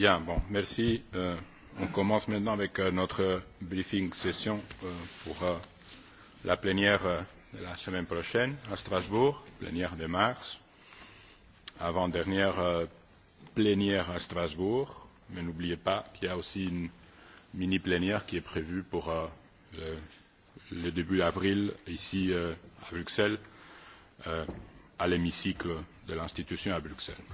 Euh, on commence maintenant avec euh, notre briefing session euh, pour la plénière de la semaine prochaine à strasbourg plénière de mars avant dernière plénière à strasbourg mais n'oubliez pas qu'il y a aussi une mini plénière qui est prévue pour le début avril ici à bruxelles à l'hémicycle de l'institution à bruxelles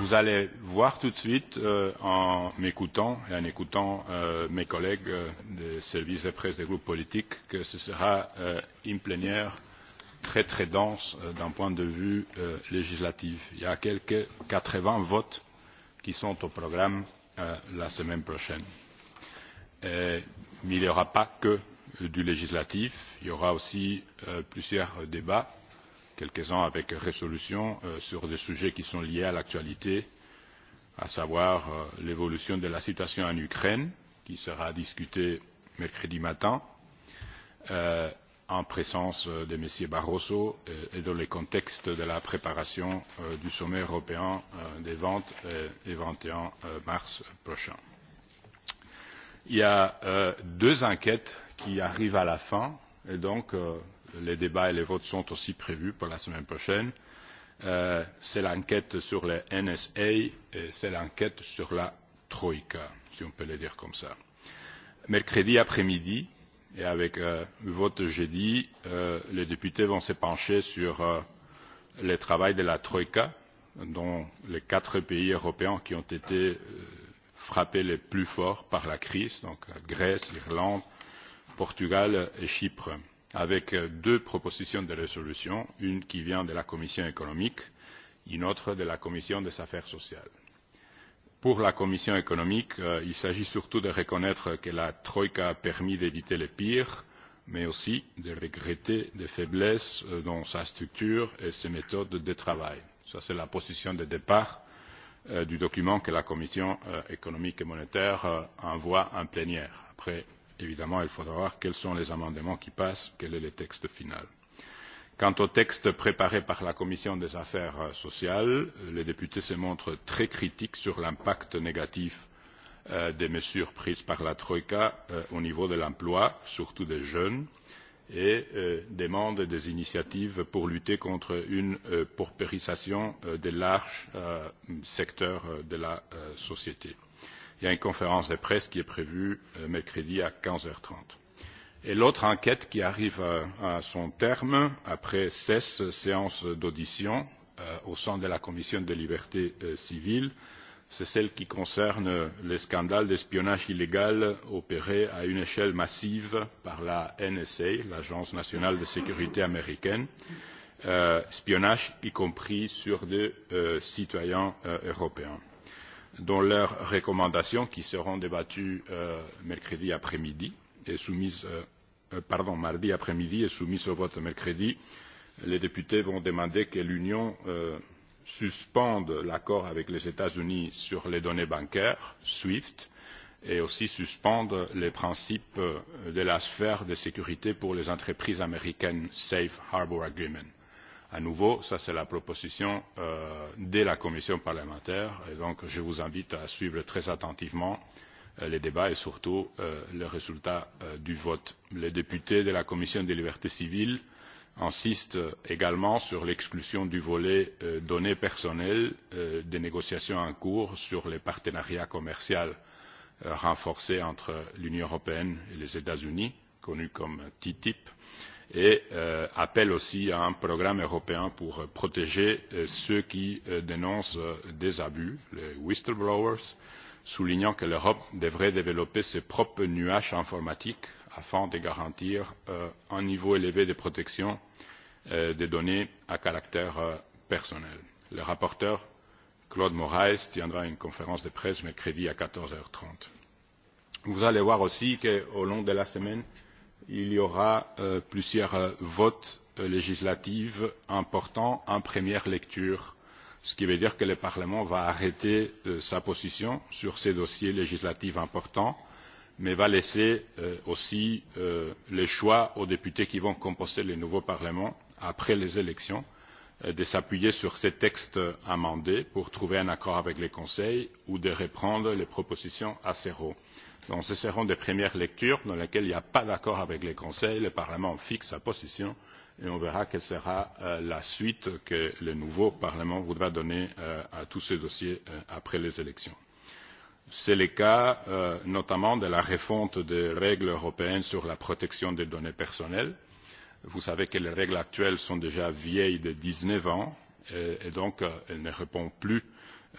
vous allez voir tout de suite euh, en m'écoutant et en écoutant euh, mes collègues euh, des services de presse des groupes politiques que ce sera une plénière très très dense d'un point de vue législatif. il y a quelque quatre vingts votes qui sont au programme la semaine prochaine. il n'y aura pas que du législatif il y aura aussi plusieurs débats quelques uns avec résolution euh, sur des sujets qui sont liés à l'actualité, à savoir euh, l'évolution de la situation en Ukraine, qui sera discutée mercredi matin, euh, en présence euh, de M. Barroso euh, et dans le contexte de la préparation euh, du sommet européen euh, des ventes le euh, 21 euh, mars prochain. Il y a euh, deux enquêtes qui arrivent à la fin et donc euh, les débats et les votes sont aussi prévus pour la semaine prochaine euh, c'est l'enquête sur la nsa et c'est l'enquête sur la troïka si on peut le dire comme ça. mercredi après midi et avec le euh, vote jeudi euh, les députés vont se pencher sur le travail de la troïka dont les quatre pays européens qui ont été frappés le plus fort par la crise donc grèce irlande portugal et chypre avec euh, deux propositions de résolution une qui vient de la commission économique et une autre de la commission des affaires sociales. pour la commission économique euh, il s'agit surtout de reconnaître que la troïka a permis d'éviter le pire mais aussi de regretter les faiblesses euh, de sa structure et de ses méthodes de travail. c'est la position de départ du document que la commission économique et monétaire envoie en plénière après évidemment il faudra voir quels sont les amendements qui passent quel est le texte final. quant au texte préparé par la commission des affaires sociales les députés se montrent très critiques sur l'impact négatif euh, des mesures prises par la troïka euh, au niveau de l'emploi surtout des jeunes et euh, demandent des initiatives pour lutter contre une paupérisation de larges secteurs de la société il y a une conférence de presse qui est prévue euh, mercredi à quinze heures trente. Et l'autre enquête qui arrive à son terme après seize séances d'audition euh, au sein de la commission des libertés euh, civiles, c'est celle qui concerne les scandales d'espionnage illégal opérés à une échelle massive par la NSA, l'Agence nationale de sécurité américaine, euh, espionnage y compris sur des euh, citoyens euh, européens dans leurs recommandations qui seront débattues euh, mercredi après midi et soumises euh, euh pardon, mardi après midi et soumises au vote mercredi, les députés vont demander que l'Union euh, suspende l'accord avec les États Unis sur les données bancaires SWIFT et aussi suspendre les principes euh, de la sphère de sécurité pour les entreprises américaines Safe Harbor Agreement à nouveau ça c'est la proposition euh, de la commission parlementaire et donc je vous invite à suivre très attentivement euh, les débats et surtout euh, le résultat du vote. les députés de la commission des libertés civiles insistent également sur l'exclusion du volet données personnelles des négociations en cours sur le partenariat commercial renforcé entre l'union européenne et les états unis connu comme ttip et euh, appelle aussi à un programme européen pour euh, protéger euh, ceux qui euh, dénoncent des abus les whistleblowers soulignant que l'Europe devrait développer ses propres nuages informatiques afin de garantir euh, un niveau élevé de protection euh, des données à caractère euh, personnel. Le rapporteur Claude Moraes tiendra une conférence de presse mercredi à 14h30. Vous allez voir aussi qu'au long de la semaine, euh, il y aura euh, plusieurs euh, votes euh, législatifs importants en première lecture ce qui veut dire que le parlement va arrêter sa position sur ces dossiers législatifs importants mais va laisser aussi le choix aux députés qui vont composer le nouveau parlement après les élections de s'appuyer sur ces textes amendés pour trouver un accord avec le conseil ou de reprendre les propositions à zéro nous essaierons de première lecture dans laquelle il n'y a pas d'accord avec le conseil le parlement fixe sa position et on verra quelle sera euh, la suite que le nouveau parlement voudra donner euh, à tous ces dossiers euh, après les élections. c'est le cas notamment de la refonte des règles européennes sur la protection des données personnelles. vous savez que les règles actuelles sont déjà vieilles de dix neuf ans et donc elles ne répondent plus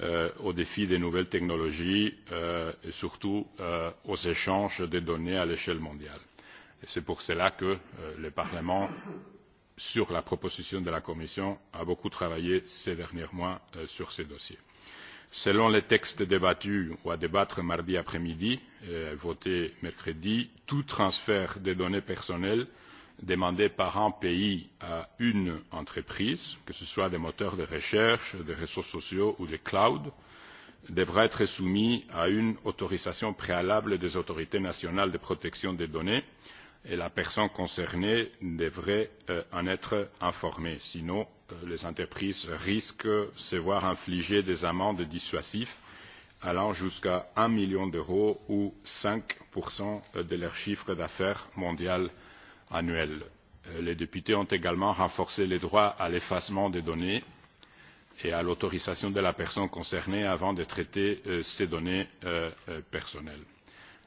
euh, aux défis des nouvelles technologies euh, et surtout euh, aux échanges de données à l'échelle mondiale. Et c'est pour cela que euh, le Parlement, sur la proposition de la Commission, a beaucoup travaillé ces derniers mois euh, sur ces dossiers. Selon les textes débattus ou à débattre mardi après-midi et euh, votés mercredi, tout transfert des données personnelles demandée par un pays à une entreprise que ce soit des moteurs de recherche des réseaux sociaux ou des cloud devra être soumise à une autorisation préalable des autorités nationales de protection des données et la personne concernée devrait euh, en être informée. Sinon, euh, les entreprises risquent de se voir infliger des amendes dissuasives allant jusqu'à 1 million d'euros ou 5% de leur chiffre d'affaires mondial annuel. Euh, les députés ont également renforcé les droits à l'effacement des données et à l'autorisation de la personne concernée avant de traiter euh, ces données euh, personnelles.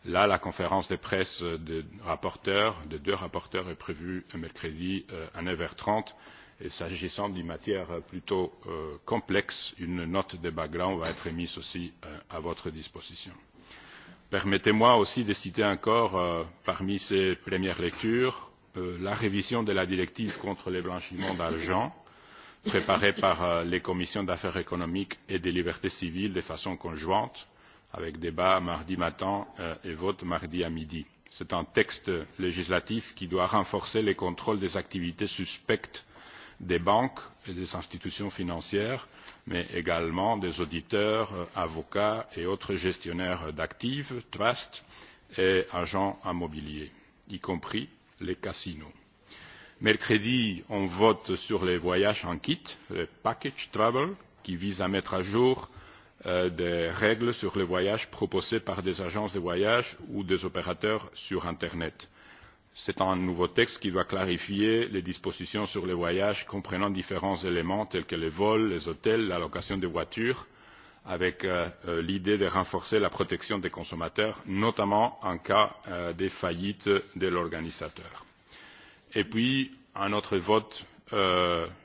là la conférence de presse des deux rapporteurs est prévue mercredi à neuf heures trente et s'agissant d'une matière plutôt complexe une note de background va être mise aussi à votre disposition. permettez moi aussi de citer encore parmi ces premières lectures Euh, la révision de la directive contre le blanchiment d'argent préparée par euh, les commissions d'affaires économiques et des libertés civiles de façon conjointe, avec débat mardi matin euh, et vote mardi à midi. C'est un texte législatif qui doit renforcer les contrôles des activités suspectes des banques et des institutions financières, mais également des auditeurs, avocats et autres gestionnaires d'actifs, trusts et agents immobiliers, y compris les casinos. Mercredi, on vote sur les voyages en kit, le package travel, qui vise à mettre à jour euh, des règles sur les voyages proposés par des agences de voyage ou des opérateurs sur Internet. C'est un nouveau texte qui va clarifier les dispositions sur les voyages comprenant différents éléments tels que les vols, les hôtels, la location des voitures, avec euh, euh, l'idée de renforcer la protection des consommateurs notamment en cas euh, de faillite de l'organisateur. puis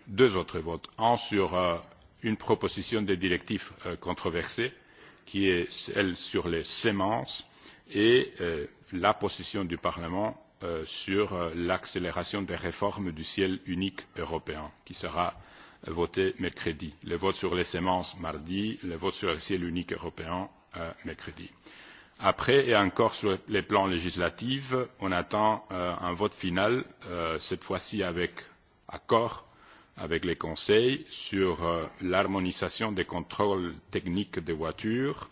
deux autres votes un sur une proposition de directive controversée qui est celle sur les semences et la position du parlement sur l'accélération des réformes du ciel unique européen qui sera voté mercredi le vote sur les semences mardi le vote sur le ciel unique européen euh, mercredi. après et encore sur le plan législatif on attend euh, un vote final euh, cette fois ci avec accord avec le conseil sur l'harmonisation des contrôles techniques des voitures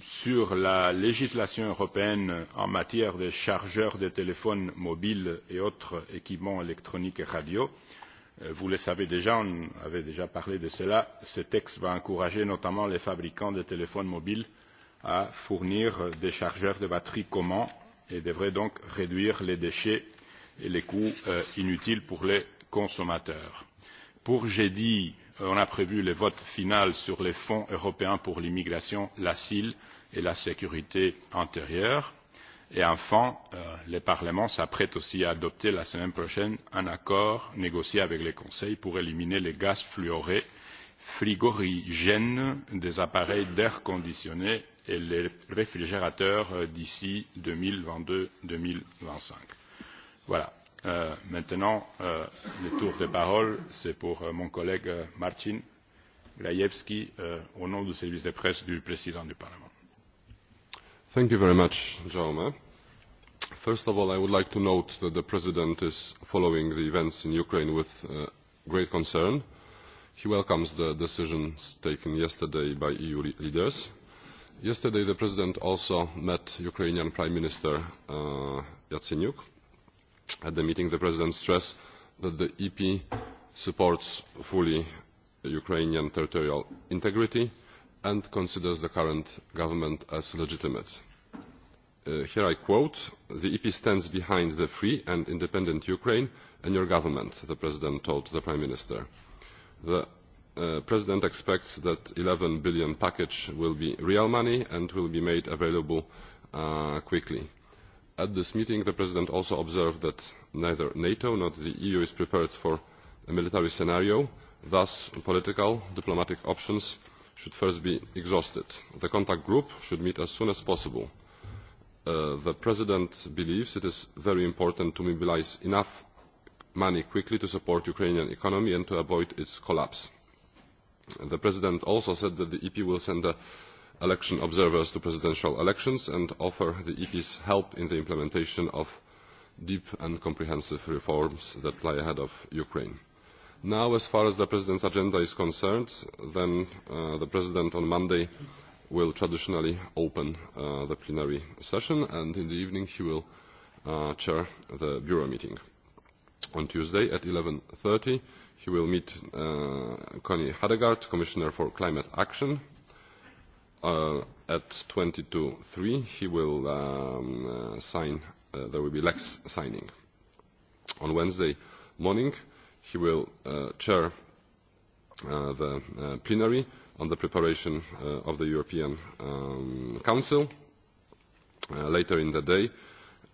sur la législation européenne en matière de chargeurs de téléphones mobiles et autres équipements électroniques et radios Euh, vous le savez déjà on avait déjà parlé de cela ce texte va encourager notamment les fabricants de téléphones mobiles à fournir des chargeurs de batteries communs et devrait donc réduire les déchets et les coûts euh, inutiles pour les consommateurs. pour jeudi euh, on a prévu le vote final sur le fonds européen pour l'immigration l'asile et la sécurité intérieure. Et enfin, euh, le Parlement s'apprête aussi à adopter la semaine prochaine un accord négocié avec le Conseil pour éliminer les gaz fluorés frigorigènes des appareils d'air conditionné et les réfrigérateurs d'ici 2022-2025. Voilà. Euh, maintenant, euh, le tour de parole, c'est pour euh, mon collègue euh, Martin Grajewski, euh, au nom du service de presse du président du Parlement. Thank you very much, Jaume. Uh, first of all, I would like to note that the President is following the events in Ukraine with uh, great concern. He welcomes the decisions taken yesterday by EU le leaders. Yesterday, the President also met Ukrainian Prime Minister uh, Yatsenyuk. At the meeting, the President stressed that the EP supports fully Ukrainian territorial integrity and considers the current government as legitimate. Uh, here I quote, the EP stands behind the free and independent Ukraine and your government, the President told the Prime Minister. The uh, President expects that 11 billion package will be real money and will be made available uh, quickly. At this meeting, the President also observed that neither NATO nor the EU is prepared for a military scenario, thus political diplomatic options should first be exhausted. The contact group should meet as soon as possible. Uh, the president believes it is very important to mobilise enough money quickly to support the ukrainian economy and to avoid its collapse. the president also said that the ep will send election observers to presidential elections and offer the ep's help in the implementation of deep and comprehensive reforms that lie ahead of ukraine. now as far as the president's agenda is concerned then, uh, the president on monday will traditionally open uh, the plenary session and in the evening he will uh, chair the Bureau meeting. On Tuesday at 11.30 he will meet uh, Connie Hadegaard, Commissioner for Climate Action. Uh, at 22.03 he will um, uh, sign, uh, there will be Lex signing. On Wednesday morning he will uh, chair Uh, the uh, plenary on the preparation uh, of the European um, Council. Uh, later in the day,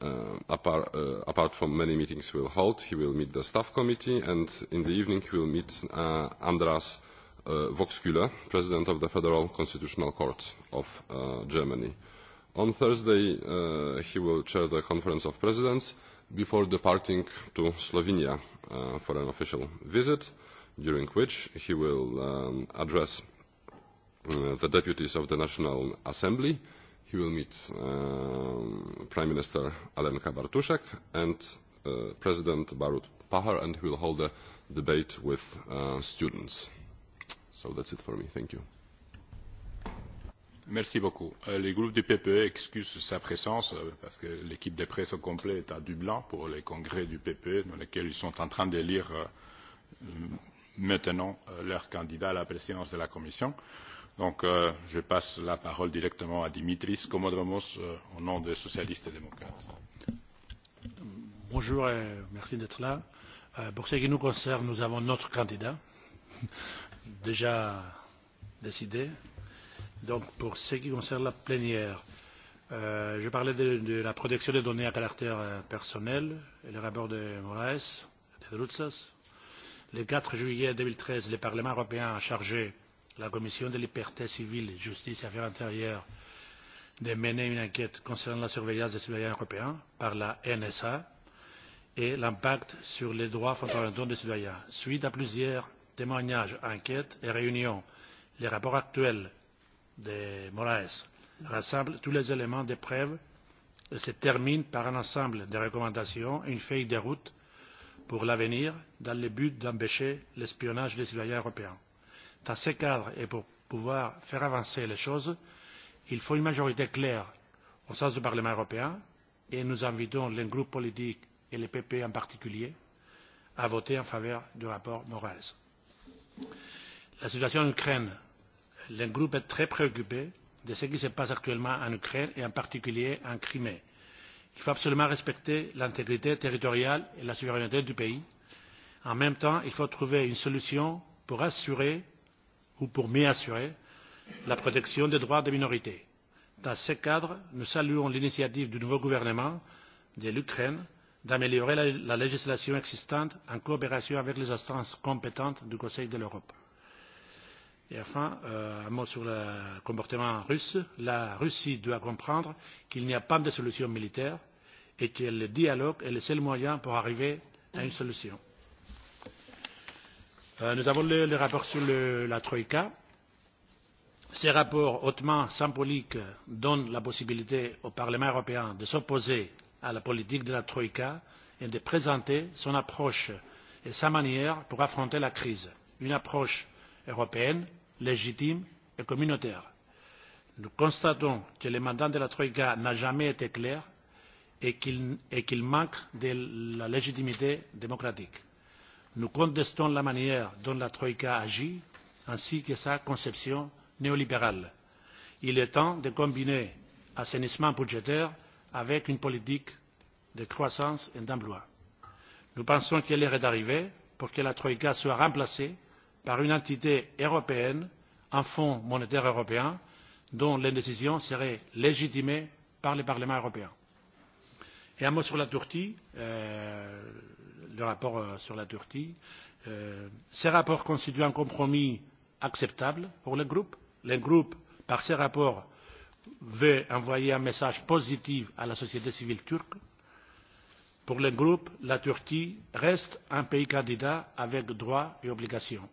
uh, apart, uh, apart from many meetings we will hold, he will meet the staff committee and in the evening he will meet uh, Andras uh, Voxküller, President of the Federal Constitutional Court of uh, Germany. On Thursday, uh, he will chair the Conference of Presidents before departing to Slovenia uh, for an official visit. Uh, during which he will um, address uh, the deputies of the National Assembly. He will meet um, Prime Minister Alenka Bartuszek and uh, President Barut Pahar, and he will hold a debate with uh, students. So that's it for me. Thank you. Merci beaucoup. Euh, les groupes du PPE excusent sa présence euh, parce que l'équipe de presse au complet est à Dublin pour les congrès du PPE dans lesquels ils sont en train de lire euh, maintenant euh, leur candidat à la présidence de la commission. Euh, je passe la parole directement à dimitris komodovs euh, au nom des socialistes et démocrates. bonjour et merci d'être là. pour ce qui nous concerne nous avons notre candidat déjà décidé. pour ce qui concerne la plénière je parlais de, de la protection des données à caractère personnel et le rapport de moraes et de lourdes le 4 juillet 2013, le Parlement européen a chargé la Commission de liberté civile, justice et affaires intérieures de mener une enquête concernant la surveillance des citoyens européens par la NSA et l'impact sur les droits fondamentaux des citoyens. Suite à plusieurs témoignages, enquêtes et réunions, le rapport actuel de Moraes rassemble tous les éléments de preuve et se termine par un ensemble de recommandations, une feuille de route pour l'avenir dans le but d'empêcher l'espionnage des citoyens européens. dans ce cadre et pour pouvoir faire avancer les choses il faut une majorité claire au sein du parlement européen et nous invitons les groupes politiques et le ppe en particulier à voter en faveur du rapport moraes. la situation en ukraine le groupe est très préoccupé de ce qui se passe actuellement en ukraine et en particulier en crimée il faut absolument respecter l'intégrité territoriale et la souveraineté du pays. en même temps il faut trouver une solution pour assurer ou pour mieux assurer la protection des droits des minorités. dans ce cadre nous saluons l'initiative du nouveau gouvernement de l'ukraine d'améliorer la législation existante en coopération avec les instances compétentes du conseil de l'europe et enfin euh, un mot sur le comportement russe la russie doit comprendre qu'il n'y a pas de solution militaire et que le dialogue est le seul moyen pour arriver à une solution. Euh, nous avons lu le rapport sur la troïka. ce rapport hautement symbolique donne la possibilité au parlement européen de s'opposer à la politique de la troïka et de présenter son approche et sa manière d'affronter la crise une approche européenne légitime et communautaire. nous constatons que le mandat de la troïka n'a jamais été clair et qu'il manque de légitimité démocratique. nous contestons la manière dont la troïka agit ainsi que sa conception néolibérale. il est temps de combiner assainissement budgétaire avec une politique de croissance et d'emploi. nous pensons que l'heure est arrivée pour que la troïka soit remplacée par une entité européenne un fonds monétaire européen dont les décisions seraient légitimées par le parlement européen. un mot sur la turquie euh, le rapport euh, sur la turquie euh, ce rapport constitue un compromis acceptable pour le groupe. le groupe par ce rapport veut envoyer un message positif à la société civile turque. pour le groupe la turquie reste un pays candidat avec droits et obligations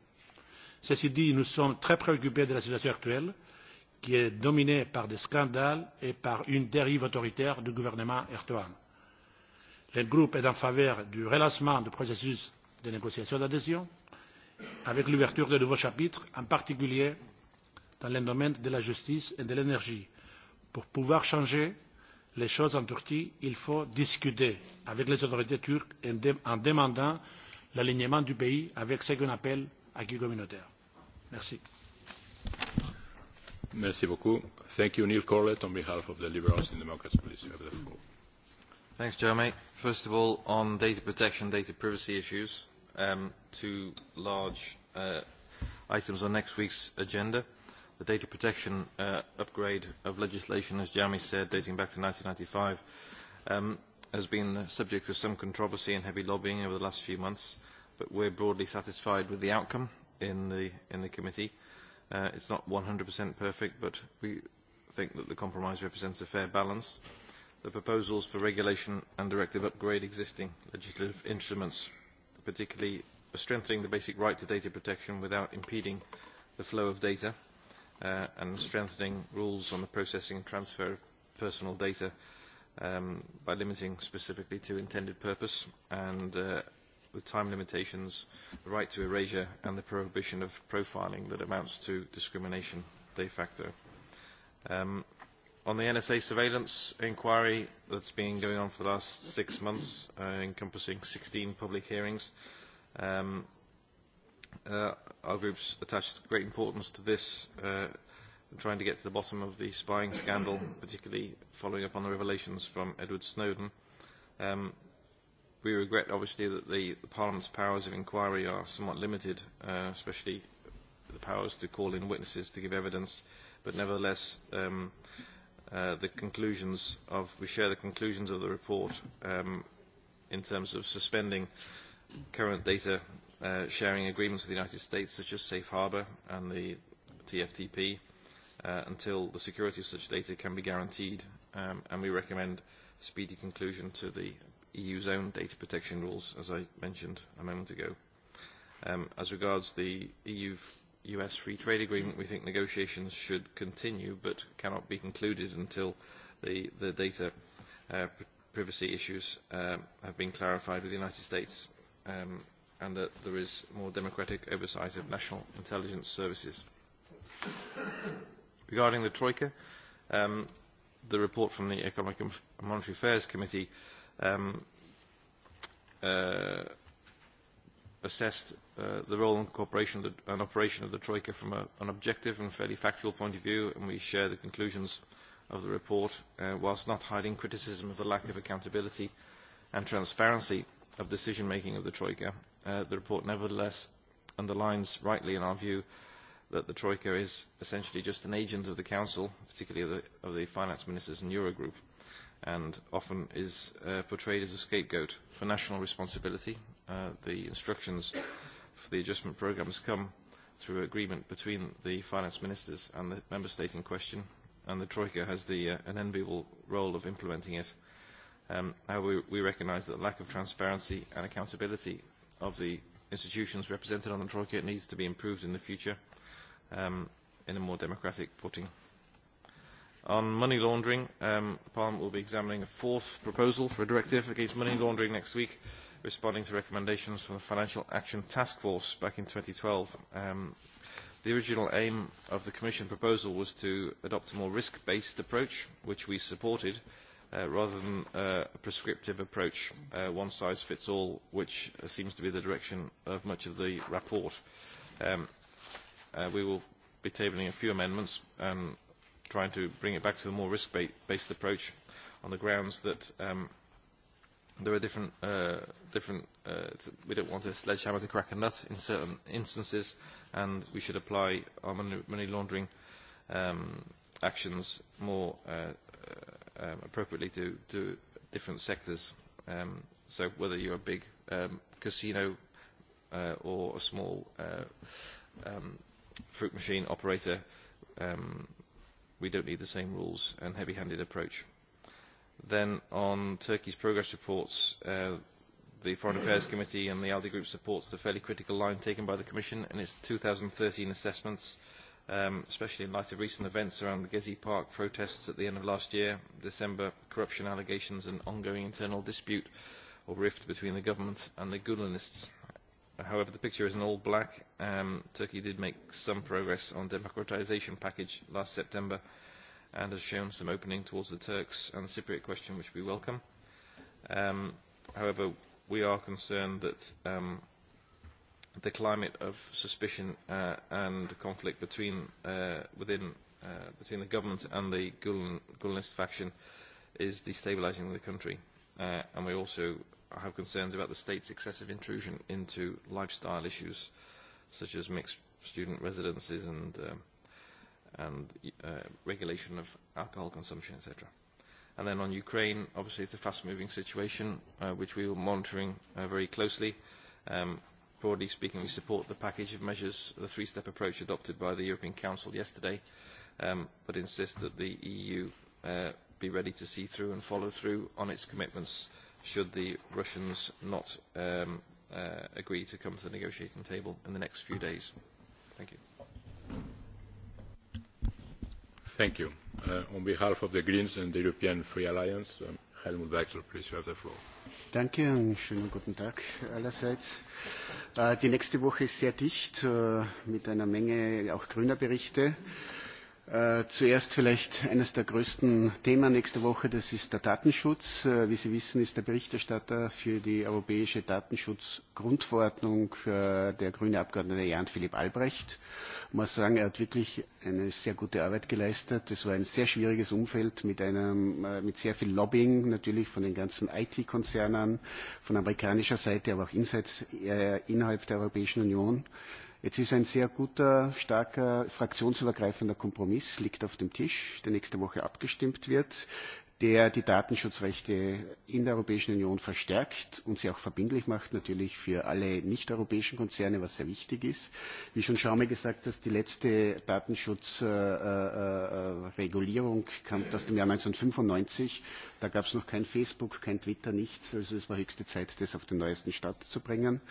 ceci dit nous sommes très préoccupés de la situation actuelle qui est dominée par des scandales et par une dérive autoritaire du gouvernement erdoan. le groupe est en faveur du relancement du processus de négociation d'adhésion avec l'ouverture de nouveaux chapitres en particulier dans les domaines de la justice et de l'énergie. pour pouvoir changer les choses en turquie il faut discuter avec les autorités turques en demandant l'alignement du pays avec ce qu'on appelle l'acquis communautaire first of all on data protection data privacy issues um, two large uh, items on next week's agenda the data protection uh, upgrade of legislation as jeremie said dating back to one thousand nine hundred and ninety five um, has been the subject of some controversy and heavy lobbying over the last few months but we are broadly satisfied with the outcome in the in the committee. Uh, it's not 100% perfect, but we think that the compromise represents a fair balance. The proposals for regulation and directive upgrade existing legislative instruments, particularly strengthening the basic right to data protection without impeding the flow of data, uh, and strengthening rules on the processing and transfer of personal data um, by limiting specifically to intended purpose and uh, with time limitations, the right to erasure and the prohibition of profiling that amounts to discrimination de facto. Um, on the NSA surveillance inquiry that's been going on for the last six months, uh, encompassing 16 public hearings, um, uh, our groups attached great importance to this, uh, trying to get to the bottom of the spying scandal, particularly following up on the revelations from Edward Snowden. Um, we regret obviously that the, the Parliament's powers of inquiry are somewhat limited, uh, especially the powers to call in witnesses to give evidence. But nevertheless, um, uh, the conclusions of we share the conclusions of the report um, in terms of suspending current data uh, sharing agreements with the United States, such as Safe Harbour and the TFTP, uh, until the security of such data can be guaranteed. Um, and we recommend speedy conclusion to the EU's own data protection rules, as I mentioned a moment ago. Um, as regards the EU-US Free Trade Agreement, we think negotiations should continue but cannot be concluded until the, the data uh, pr privacy issues uh, have been clarified with the United States um, and that there is more democratic oversight of national intelligence services. Regarding the Troika, um, the report from the Economic and Monetary Affairs Committee uh, um, uh, assessed uh, the role and cooperation and operation of the Troika from a, an objective and fairly factual point of view, and we share the conclusions of the report, uh, whilst not hiding criticism of the lack of accountability and transparency of decision-making of the Troika. Uh, the report nevertheless underlines rightly, in our view, that the Troika is essentially just an agent of the Council, particularly of the, of the finance ministers and Eurogroup and often is uh, portrayed as a scapegoat for national responsibility. Uh, the instructions for the adjustment programme has come through agreement between the finance ministers and the member state in question, and the Troika has the, uh, an enviable role of implementing it. Um, however, we recognise that the lack of transparency and accountability of the institutions represented on the Troika needs to be improved in the future um, in a more democratic footing on money laundering um, parliament will be examining a fourth proposal for a directive against money laundering next week responding to recommendations from the financial action task force back in. two thousand and twelve um, the original aim of the commission proposal was to adopt a more risk based approach which we supported uh, rather than uh, a prescriptive approach a uh, one size fits all which seems to be the direction of much of the report. Um, we will be tabling a few amendments trying to bring it back to a more risk based approach on the grounds that um, there are different, uh, different uh, we don't want a sledgehammer to crack a nut in certain instances and we should apply our money laundering um, actions more uh, uh, um, appropriately to, to different sectors. Um, so whether you're a big um, casino uh, or a small uh, um, fruit machine operator, um, we do not need the same rules and heavy handed approach. then on turkey's progress reports uh, the foreign affairs committee and the alde group supports the fairly critical line taken by the commission in its two thousand and thirteen assessments um, especially in light of recent events around the gezi park protests at the end of last year december corruption allegations and ongoing internal dispute or rift between the government and the glenists. However, the picture is an all black. Um, Turkey did make some progress on the democratisation package last September and has shown some opening towards the Turks and the Cypriot question, which we welcome. Um, however, we are concerned that um, the climate of suspicion uh, and conflict between, uh, within, uh, between the government and the Gulenist faction is destabilising the country. Uh, and we also I have concerns about the state's excessive intrusion into lifestyle issues, such as mixed student residences and uh, and uh, regulation of alcohol consumption, etc. And then on Ukraine, obviously it's a fast-moving situation uh, which we are monitoring uh, very closely. Um, broadly speaking, we support the package of measures, the three-step approach adopted by the European Council yesterday, um, but insist that the EU uh, be ready to see through and follow through on its commitments should the Russians not um, uh, agree to come to the negotiating table in the next few days. Thank you. Thank you. Uh, on behalf of the Greens and the European Free Alliance, um, Helmut Wechsel, please have the floor. Thank you and schönen guten Tag allerseits. Uh, die nächste Woche ist sehr dicht uh, mit einer Menge auch grüner Berichte. Uh, Äh, zuerst vielleicht eines der größten themen nächste woche das ist der datenschutz. Äh, wie sie wissen ist der berichterstatter für die europäische datenschutzgrundverordnung äh, der grüne abgeordnete jan philipp albrecht. ich muss sagen er hat wirklich eine sehr gute arbeit geleistet. es war ein sehr schwieriges umfeld mit, einem, mit sehr viel lobbying natürlich von den ganzen it konzernen von amerikanischer seite aber auch inside, innerhalb der europäischen union. Jetzt ist ein sehr guter, starker, fraktionsübergreifender Kompromiss, liegt auf dem Tisch, der nächste Woche abgestimmt wird, der die Datenschutzrechte in der Europäischen Union verstärkt und sie auch verbindlich macht, natürlich für alle nicht-europäischen Konzerne, was sehr wichtig ist. Wie schon Schaume gesagt hat, die letzte Datenschutzregulierung äh, äh, kam aus dem Jahr 1995. Da gab es noch kein Facebook, kein Twitter, nichts. Also es war höchste Zeit, das auf den neuesten Stand zu bringen.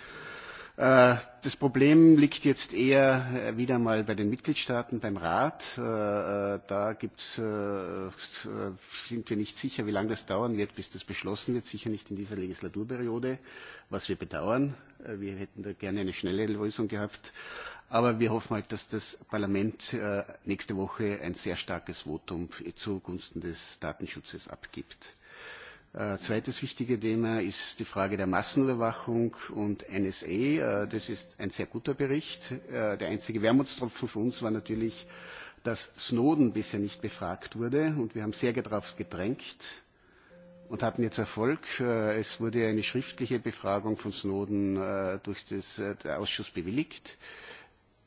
Äh, das Problem liegt jetzt eher äh, wieder mal bei den Mitgliedstaaten, beim Rat. Äh, da gibt's, sind wir nicht sicher, wie lange das dauern wird, bis das beschlossen wird. Sicher nicht in dieser Legislaturperiode, was wir bedauern. Wir hätten da gerne eine schnelle Lösung gehabt. Aber wir hoffen halt, dass das Parlament nächste Woche ein sehr starkes Votum zugunsten des Datenschutzes abgibt. Äh, zweites wichtige Thema ist die Frage der Massenüberwachung und NSA. Äh, das ist ein sehr guter Bericht. Äh, der einzige Wermutstropfen für uns war natürlich, dass Snowden bisher nicht befragt wurde. Und wir haben sehr darauf gedrängt und hatten jetzt Erfolg. Es wurde eine schriftliche Befragung von Snowden durch das, den Ausschuss bewilligt.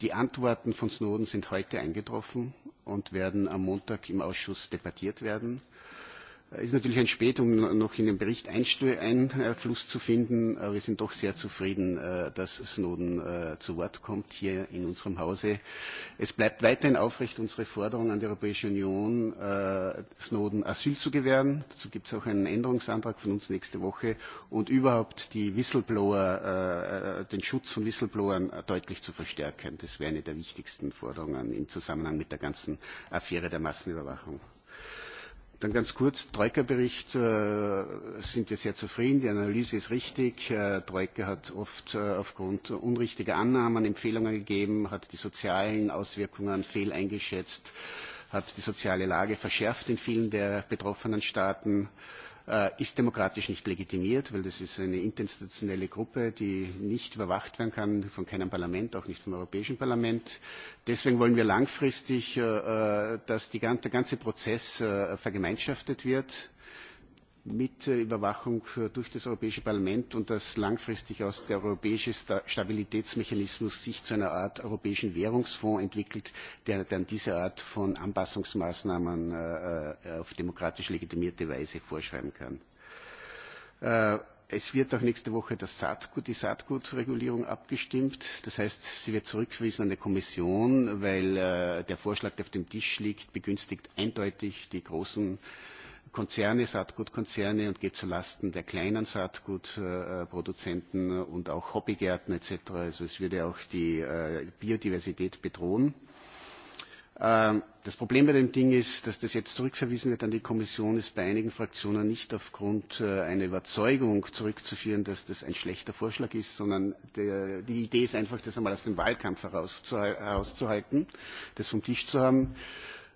Die Antworten von Snowden sind heute eingetroffen und werden am Montag im Ausschuss debattiert werden. Äh, ist natürlich ein Spätum, no-, noch in den Bericht Einfluss zu finden. Aber wir sind doch sehr zufrieden, äh, dass Snowden äh, zu Wort kommt hier in unserem Hause. Es bleibt weiterhin aufrecht unsere Forderung an die Europäische Union, Snowden Asyl zu gewähren. Dazu gibt es auch einen Änderungsantrag von uns nächste Woche. Und überhaupt die Whistleblower, den Schutz von Whistleblowern deutlich zu verstärken. Das wäre eine der wichtigsten Forderungen im Zusammenhang mit der ganzen Affäre der Massenüberwachung. Dann ganz kurz, Troika-Bericht, äh, sind wir sehr zufrieden, die Analyse ist richtig. Äh, Troika hat oft äh, aufgrund unrichtiger Annahmen Empfehlungen gegeben, hat die sozialen Auswirkungen fehl eingeschätzt, hat die soziale Lage verschärft in vielen der betroffenen Staaten. Äh, ist demokratisch nicht legitimiert, weil das ist eine interinstitutionelle Gruppe, die nicht überwacht werden kann von keinem Parlament, auch nicht vom Europäischen Parlament. Deswegen wollen wir langfristig, äh, äh, dass die, der ganze Prozess vergemeinschaftet wird mit überwachung durch das europäische parlament und dass langfristig aus dem europäischen stabilitätsmechanismus sich zu einer art europäischen währungsfonds entwickelt der dann diese art von anpassungsmaßnahmen äh, äh, auf demokratisch legitimierte weise vorschreiben kann. Äh, es wird auch nächste Woche das Saatgut, die Saatgutregulierung abgestimmt. Das heißt, sie wird zurückgewiesen an die Kommission, weil äh, der Vorschlag, der auf dem Tisch liegt, begünstigt eindeutig die großen äh, Konzerne, Saatgutkonzerne und geht zulasten der kleinen Saatgutproduzenten und auch Hobbygärten etc. Also es würde auch die äh, Biodiversität bedrohen. Ähm, das Problem bei dem Ding ist, dass das jetzt zurückverwiesen wird an die Kommission, ist bei einigen Fraktionen nicht aufgrund äh, einer Überzeugung zurückzuführen, dass das ein schlechter Vorschlag ist, sondern die Idee ist einfach, das einmal aus dem Wahlkampf herauszuhalten, das vom Tisch zu haben.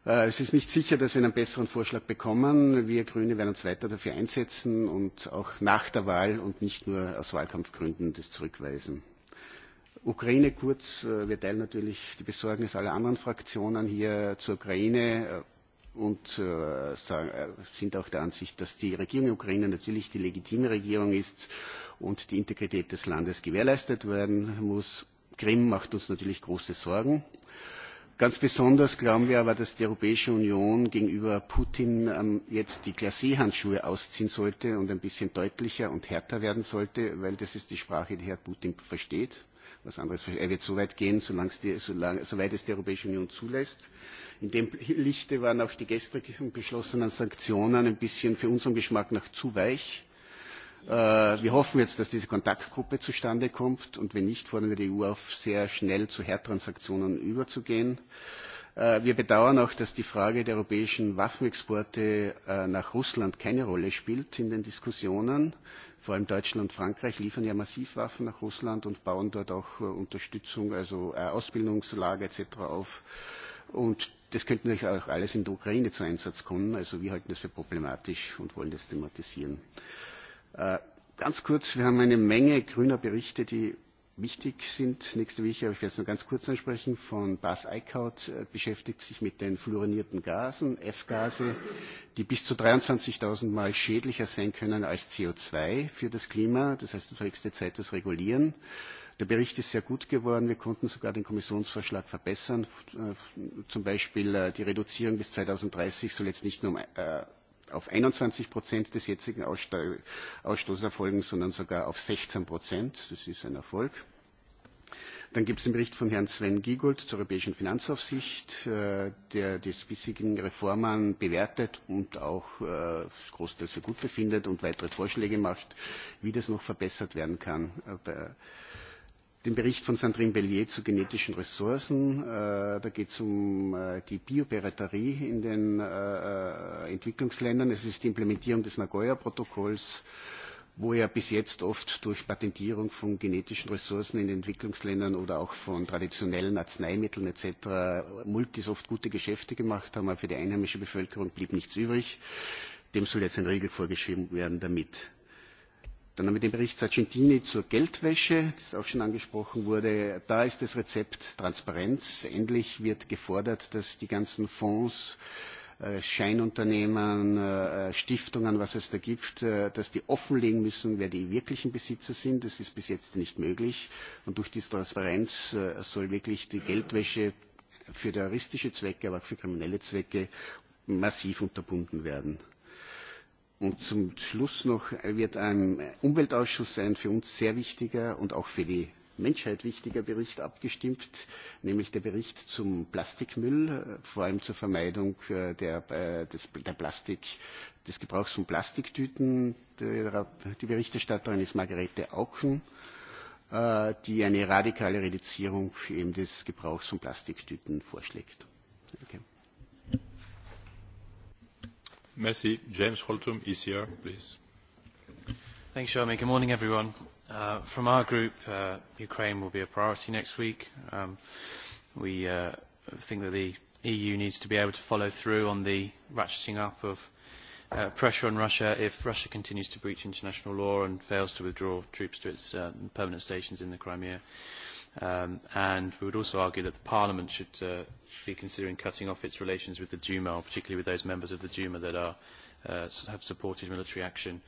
Äh, es ist nicht sicher, dass wir einen besseren Vorschlag bekommen. Wir Grüne werden uns weiter dafür einsetzen und auch nach der Wahl und nicht nur aus Wahlkampfgründen das zurückweisen. Ukraine kurz. Äh, wir teilen natürlich die Besorgnis aller anderen Fraktionen hier zur Ukraine äh, und sind auch der Ansicht, dass die Regierung der Ukraine natürlich die legitime Regierung ist und die Integrität des Landes gewährleistet werden muss. Krim macht uns natürlich große Sorgen. Äh, ganz besonders glauben wir aber dass die europäische union gegenüber putin ähm, jetzt die glachandschuhe ausziehen sollte und ein bisschen deutlicher und härter werden sollte weil das ist die sprache die herr putin versteht. Was anderes, er wird so weit gehen, solange es die, solange, soweit es die Europäische Union zulässt. In dem Lichte waren auch die gestern beschlossenen Sanktionen ein bisschen für unseren Geschmack nach zu weich. Äh, wir hoffen jetzt, dass diese Kontaktgruppe zustande kommt und wenn nicht, fordern wir die EU auf, sehr schnell zu härteren Sanktionen überzugehen. Äh, wir bedauern auch, dass die Frage der europäischen Waffenexporte äh, nach Russland keine Rolle spielt in den Diskussionen. Vor allem Deutschland und Frankreich liefern ja massiv Waffen nach Russland und bauen dort auch Unterstützung, also Ausbildungslage etc. auf. Und das könnte natürlich auch alles in der Ukraine zu Einsatz kommen. Also wir halten das für problematisch und wollen das thematisieren. Äh, ganz kurz wir haben eine menge grüner berichte die wichtig sind. nächste woche ich werde es nur ganz kurz ansprechen von bas eickhout äh, beschäftigt sich mit den fluorinierten gasen f gase die bis zu 23 null mal schädlicher sein können als co zwei für das klima das heißt es ist höchste zeit das regulieren. Der Bericht ist sehr gut geworden. Wir konnten sogar den Kommissionsvorschlag verbessern. Äh, zum Beispiel die Reduzierung bis 2030 soll jetzt nicht nur um auf 21 Prozent des jetzigen Ausstoßes erfolgen, sondern sogar auf 16 Prozent. Das ist ein Erfolg. Dann gibt es einen Bericht von Herrn Sven Giegold zur Europäischen Finanzaufsicht, äh, der die bisherigen Reformen bewertet und auch äh, großteils für gut befindet und weitere Vorschläge macht, wie das noch verbessert werden kann. Äh, bei den Bericht von Sandrine Bellier zu genetischen Ressourcen. Äh, da geht es um äh, die Biopiraterie in den äh, Entwicklungsländern. Es ist die Implementierung des Nagoya-Protokolls, wo ja bis jetzt oft durch Patentierung von genetischen Ressourcen in Entwicklungsländern oder auch von traditionellen Arzneimitteln etc. Multis oft gute Geschäfte gemacht haben, aber für die einheimische Bevölkerung blieb nichts übrig. Dem soll jetzt ein Regel vorgeschrieben werden, damit Dann haben wir den Bericht Sargentini zur Geldwäsche, das auch schon angesprochen wurde. Da ist das Rezept Transparenz. Endlich wird gefordert, dass die ganzen Fonds, äh, Scheinunternehmen, äh, Stiftungen, was es da gibt, äh, dass die offenlegen müssen, wer die wirklichen Besitzer sind. Das ist bis jetzt nicht möglich. Und durch diese Transparenz soll wirklich die Geldwäsche für terroristische Zwecke, aber auch für kriminelle Zwecke massiv unterbunden werden. Und zum Schluss noch wird ein Umweltausschuss ein für uns sehr wichtiger und auch für die Menschheit wichtiger Bericht abgestimmt, nämlich der Bericht zum Plastikmüll, vor allem zur Vermeidung der, äh, des, der Plastik, des Gebrauchs von Plastiktüten. Die Berichterstatterin ist Margarete Auken, äh, die eine radikale Reduzierung eben des Gebrauchs von Plastiktüten vorschlägt. Okay mr president uh, from our group uh, ukraine will be a priority next week. Um, we uh, think that the eu needs to be able to follow through on the ratcheting up of pressure on russia if russia continues to breach international law and fails to withdraw troops to its permanent stations in the crimea. Um, and we would also argue that the Parliament should uh, be considering cutting off its relations with the Duma, particularly with those members of the Duma that are, uh, have supported military action.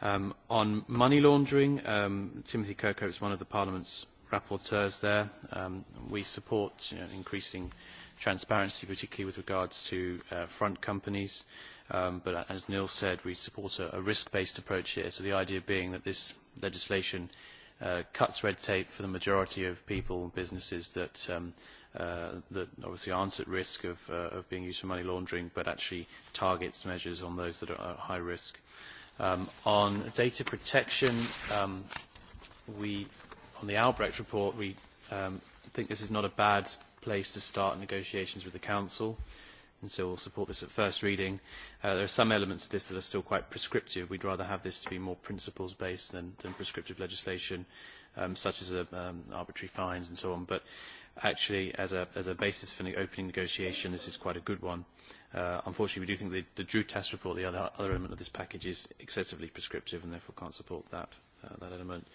Um, on money laundering, um, Timothy Kirkhope is one of the Parliament's rapporteurs there. Um, we support you know, increasing transparency, particularly with regards to uh, front companies. Um, but as Neil said, we support a, a risk-based approach here. So the idea being that this legislation Uh, cuts red tape for the majority of people and businesses that, um, uh, that obviously aren't at risk of, uh, of being used for money laundering, but actually targets measures on those that are at high risk. Um, on data protection, um, we, on the Albrecht report, we um, think this is not a bad place to start negotiations with the Council. Uh, and so we will support this at first reading. Uh, there are some elements of this that are still quite prescriptive. We would rather have this to be more principles based than, than prescriptive legislation, um, such as uh, um, arbitrary fines and so on. But actually, as a, as a basis for an opening negotiation, this is quite a good one. Uh, unfortunately, we do think the, the Drew Test report, the other, other element of this package, is excessively prescriptive and therefore can't support that, uh, that element.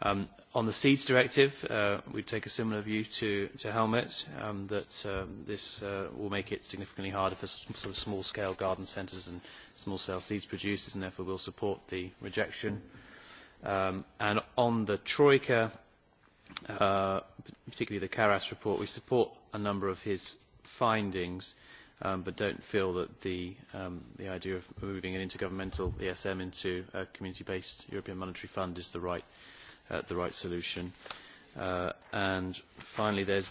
Um, on the seeds directive uh, we take a similar view to, to Helmut um, that um, this uh, will make it significantly harder for sort of small scale garden centres and small scale seeds producers and therefore will support the rejection um, and on the Troika uh, particularly the Karas report we support a number of his findings um, but don't feel that the, um, the idea of moving an intergovernmental ESM into a community-based European Monetary Fund is the right uh, uh, the right solution. Uh, and finally, there's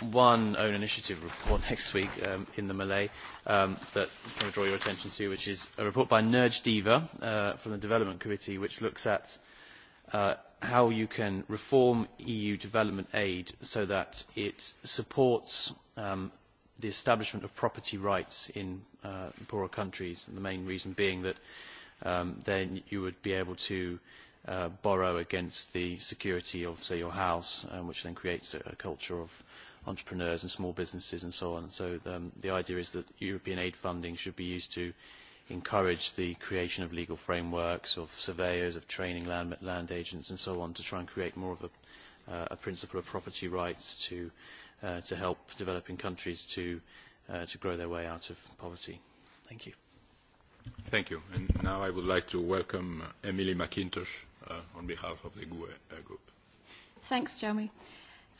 one own initiative report next week um, in the Malay um, that I'm going to draw your attention to, which is a report by Nerj Diva uh, from the Development Committee, which looks at uh, how you can reform EU development aid so that it supports um, the establishment of property rights in uh, poorer countries, and the main reason being that um, then you would be able to uh, Uh, borrow against the security of, say, your house, um, which then creates a, a culture of entrepreneurs and small businesses and so on. So um, the idea is that European aid funding should be used to encourage the creation of legal frameworks, of surveyors, of training land, land agents and so on to try and create more of a, uh, a principle of property rights to, uh, to help developing countries to, uh, to grow their way out of poverty. Thank you. Thank you. And now I would like to welcome Emily McIntosh uh, on behalf of the GUE uh, group. Thanks, Jeremy.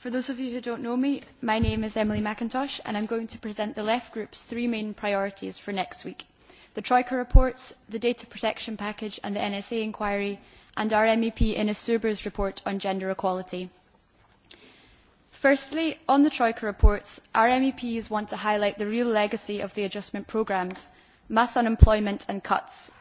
For those of you who don't know me, my name is Emily McIntosh, and I'm going to present the Left Group's three main priorities for next week the Troika reports, the data protection package, and the NSA inquiry, and our MEP Ines Suber's report on gender equality. Firstly, on the Troika reports, our MEPs want to highlight the real legacy of the adjustment programmes, mass unemployment and cuts,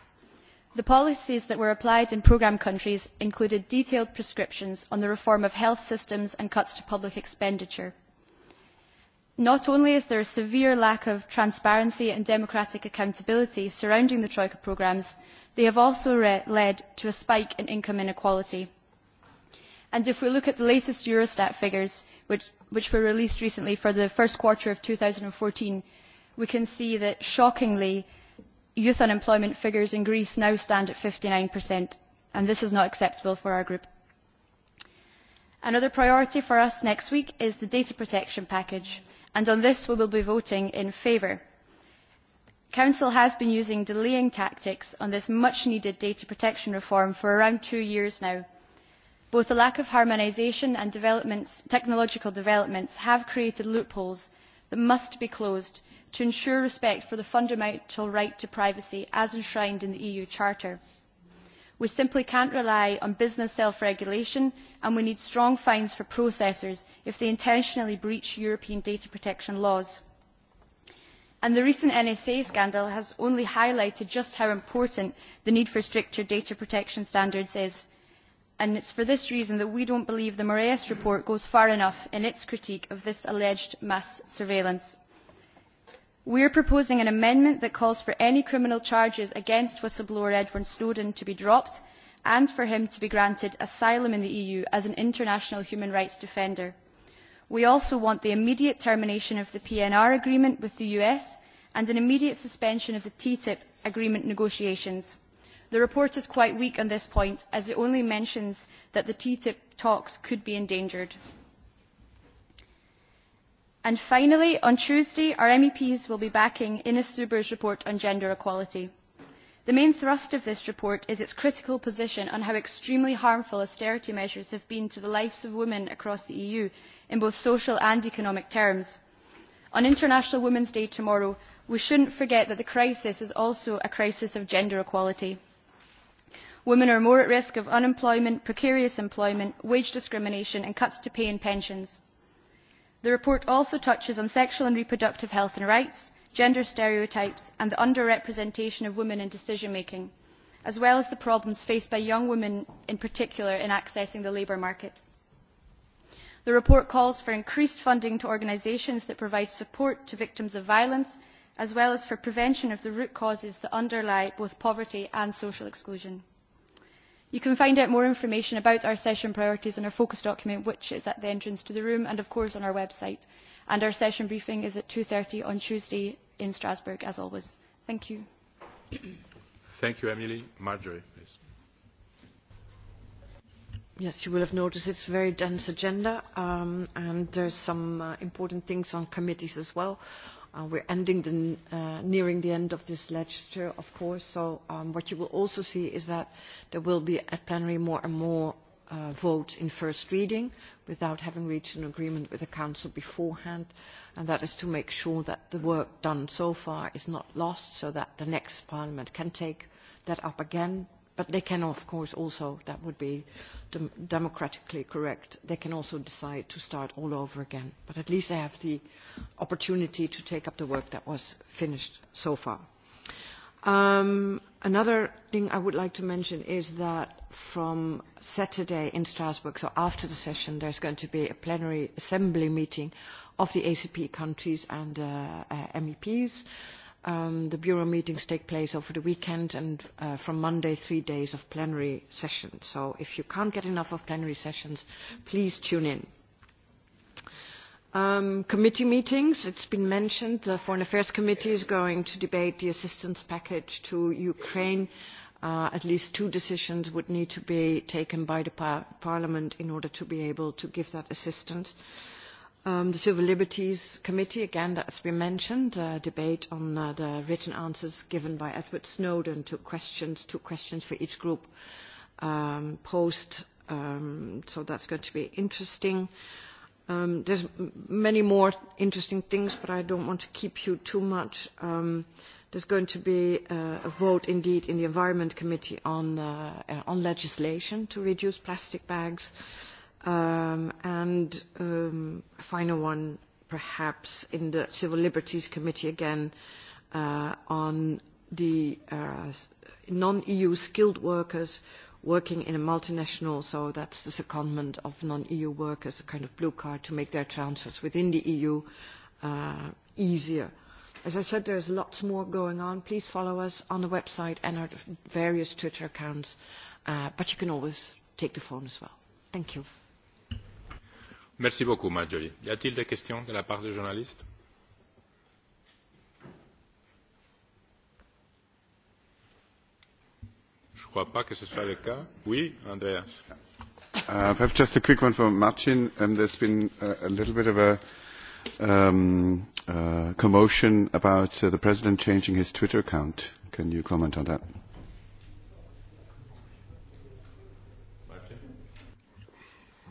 the policies that were applied in programme countries included detailed prescriptions on the reform of health systems and cuts to public expenditure. not only is there a severe lack of transparency and democratic accountability surrounding the troika programmes they have also led to a spike in income inequality. if we look at the latest eurostat figures which were released recently for the first quarter of two thousand and fourteen we can see that shockingly eur youth unemployment figures in greece now stand at fifty nine and this is not acceptable for our group. another priority for us next week is the data protection package and on this we will be voting in favour. the council has been using delaying tactics on this much needed data protection reform for around two years now. both the lack of harmonisation and technological developments have created loopholes that must be closed to ensure respect for the fundamental right to privacy as enshrined in the eu charter. we simply cannot rely on business self regulation and we need strong fines for processors if they intentionally breach european data protection laws. the recent nsa scandal has only highlighted just how important the need for stricter data protection standards is and it is for this reason that we do not believe the moraes report goes far enough in its critique of this alleged mass surveillance. we are proposing an amendment that calls for any criminal charges against whistleblower edward snowden to be dropped and for him to be granted asylum in the eu as an international human rights defender. we also want the immediate termination of the pnr agreement with the us and an immediate suspension of the ttip agreement negotiations the report is quite weak on this point as it only mentions that the ttip talks could be endangered. and finally on tuesday our meps will be backing ines zuber's report on gender equality. the main thrust of this report is its critical position on how extremely harmful austerity measures have been to the lives of women across the eu in both social and economic terms. on international women's day tomorrow we should not forget that the crisis is also a crisis of gender equality women are more at risk of unemployment precarious employment wage discrimination and cuts to pay and pensions. the report also touches on sexual and reproductive health and rights gender stereotypes and the under representation of women in decision making as well as the problems faced by young women in particular in accessing the labour market. the report calls for increased funding to organisations that provide support to victims of violence as well as for prevention of the root causes that underlie both poverty and social exclusion. You can find out more information about our session priorities in our focus document, which is at the entrance to the room and, of course, on our website. And our session briefing is at 2.30 on Tuesday in Strasbourg, as always. Thank you. Thank you, Emily. Marjorie, please. Yes, you will have noticed it's a very dense agenda, um, and there's some uh, important things on committees as well. Uh, we're ending the, uh, nearing the end of this legislature, of course. So um, what you will also see is that there will be at plenary more and more uh, votes in first reading without having reached an agreement with the Council beforehand. And that is to make sure that the work done so far is not lost so that the next Parliament can take that up again but they can of course also that would be democratically correct they can also decide to start all over again but at least they have the opportunity to take up the work that was finished so far um, another thing I would like to mention is that from Saturday in Strasbourg, so after the session, there's going to be a plenary assembly meeting of the ACP countries and uh, uh, MEPs. Um, the bureau meetings take place over the weekend and uh, from Monday, three days of plenary sessions. So if you can't get enough of plenary sessions, please tune in. Um, committee meetings, it's been mentioned, the Foreign Affairs Committee is going to debate the assistance package to Ukraine. Uh, at least two decisions would need to be taken by the par Parliament in order to be able to give that assistance. Uh, Um, the Civil Liberties Committee, again, as we mentioned, uh, debate on uh, the written answers given by Edward Snowden to questions, two questions for each group um, post. Um, so that's going to be interesting. Um, there's m- many more interesting things, but I don't want to keep you too much. Um, there's going to be uh, a vote indeed in the Environment Committee on, uh, uh, on legislation to reduce plastic bags. Uh, Um, and um, a final one, perhaps, in the Civil Liberties Committee again uh, on the uh, non EU skilled workers working in a multinational, so that's the secondment of non EU workers, a kind of blue card to make their transfers within the EU uh, easier. As I said, there's lots more going on. Please follow us on the website and our various Twitter accounts, uh, but you can always take the phone as well. Thank you merci beaucoup marjorie. y a t il des questions de la part des journalistes? je ne crois pas que ce soit le cas. oui andreas. Uh, i have just a quick one for martin. Um, there has been a, uh, a little bit of a um, uh, commotion about uh, the president changing his twitter account. can you comment on that?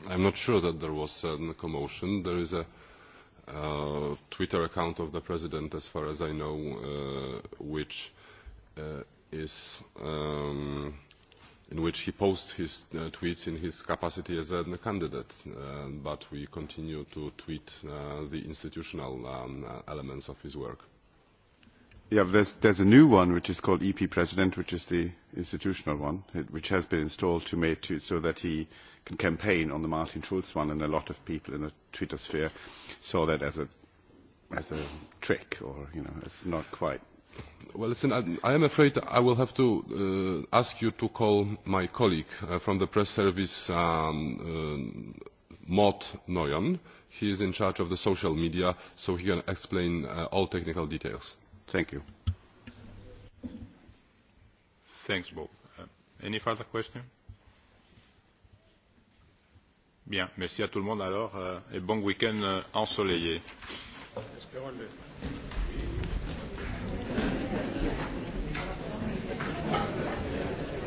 I'm not sure that there was a commotion. There is a uh, Twitter account of the president, as far as I know, uh, which uh, is um, in which he posts his uh, tweets in his capacity as a, a candidate. Uh, but we continue to tweet uh, the institutional um, uh, elements of his work. Yeah, there is a new one which is called EP President, which is the institutional one, which has been installed to make to, so that he can campaign on the Martin Schulz one, and a lot of people in the Twitter sphere saw that as a, as a trick, or you know, it's not quite. Well, listen, I am afraid I will have to uh, ask you to call my colleague uh, from the press service, um, uh, Mott Noyon. He is in charge of the social media, so he can explain uh, all technical details. Thank you. Thanks, Bob. Uh, any further questions? Bien, merci à tout le monde alors euh, et bon week-end euh, ensoleillé. Merci.